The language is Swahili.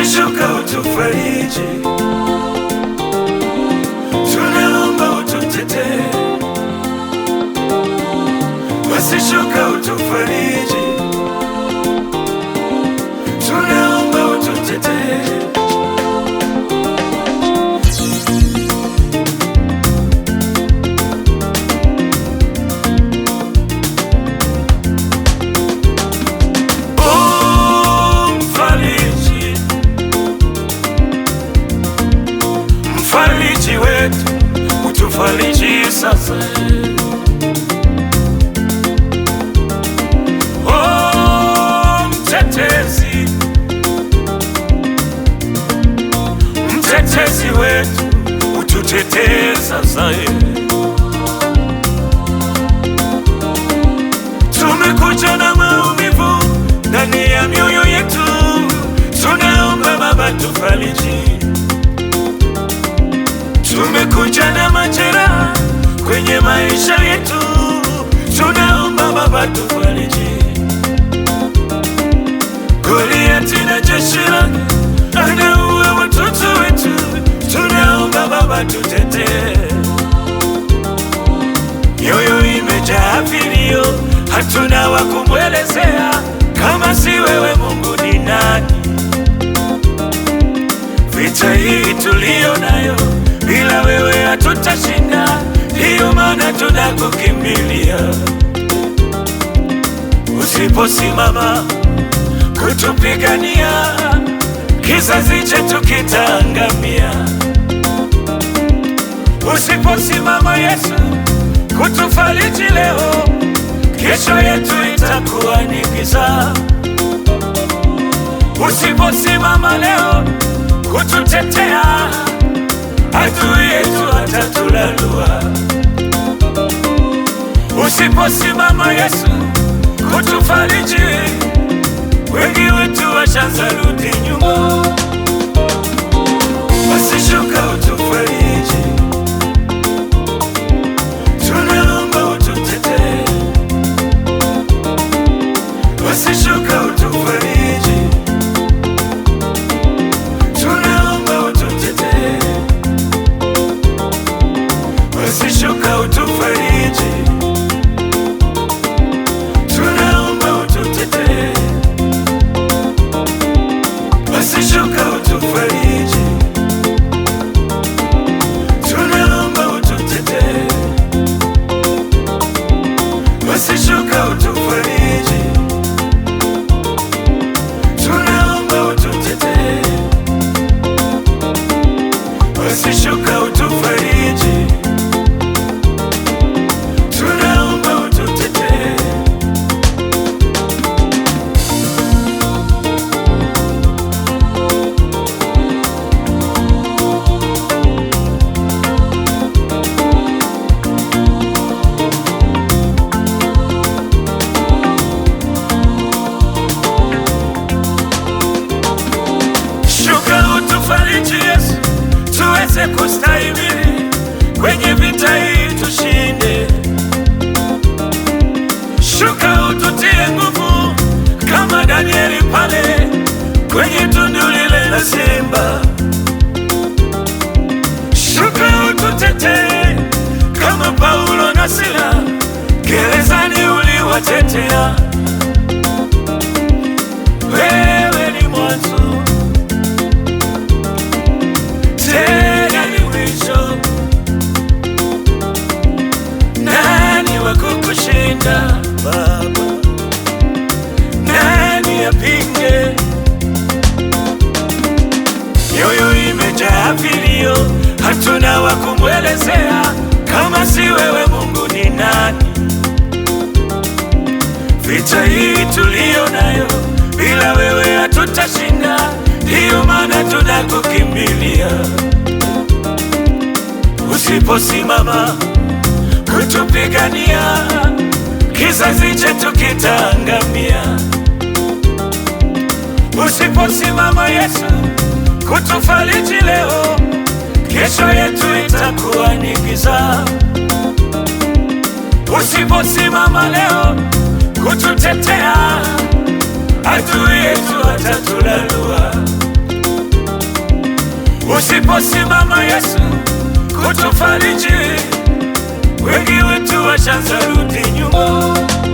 usishuka utufariji tunaomba ututete usishuka utufariji Mfariji wetu utufariji sasa mtetezi wetu ututetee sasa tumekuja na maumivu ndani ya mioyo yetu tunaomba Baba tufariji kuja na majeraha kwenye maisha yetu, tunaomba Baba tufariji. Goliathi na jeshi lake anaua watoto wetu, tunaomba Baba tutete Yoyo imejaa vilio, hatuna wa kumwelezea. Kama si wewe Mungu ni nani? Vita hii tuliyo nayo bila wewe hatutashinda, ndiyo maana tunakukimbilia. Usiposimama kutupigania, kizazi chetu kitaangamia. Usiposimama Yesu kutufariji leo, kesho yetu itakuwa ni giza. Usiposimama leo kututetea adui yetu atatulalua. Usiposimama Yesu kutufariji, wengi wetu washanza rudi nyuma. Basi shuka utufariji This is your code. tuweze kustahimili kwenye vita hii tushinde. Shuka ututie nguvu kama Danieli pale kwenye tundu lile la simba. Shuka ututetee kama Paulo na Sila gerezani uliwatetea. hatuna wa kumwelezea kama si wewe Mungu ni nani? Vita hii tuliyo nayo bila wewe hatutashinda, ndiyo maana tunakukimbilia. Usiposimama kutupigania, kizazi chetu kitaangamia. Usiposimama Yesu kesho yetu itakuwa ni giza. Usiposimama leo kututetea, adui yetu atatulalua. Usiposimama Yesu kutufariji, wengi wetu washanza nyuma.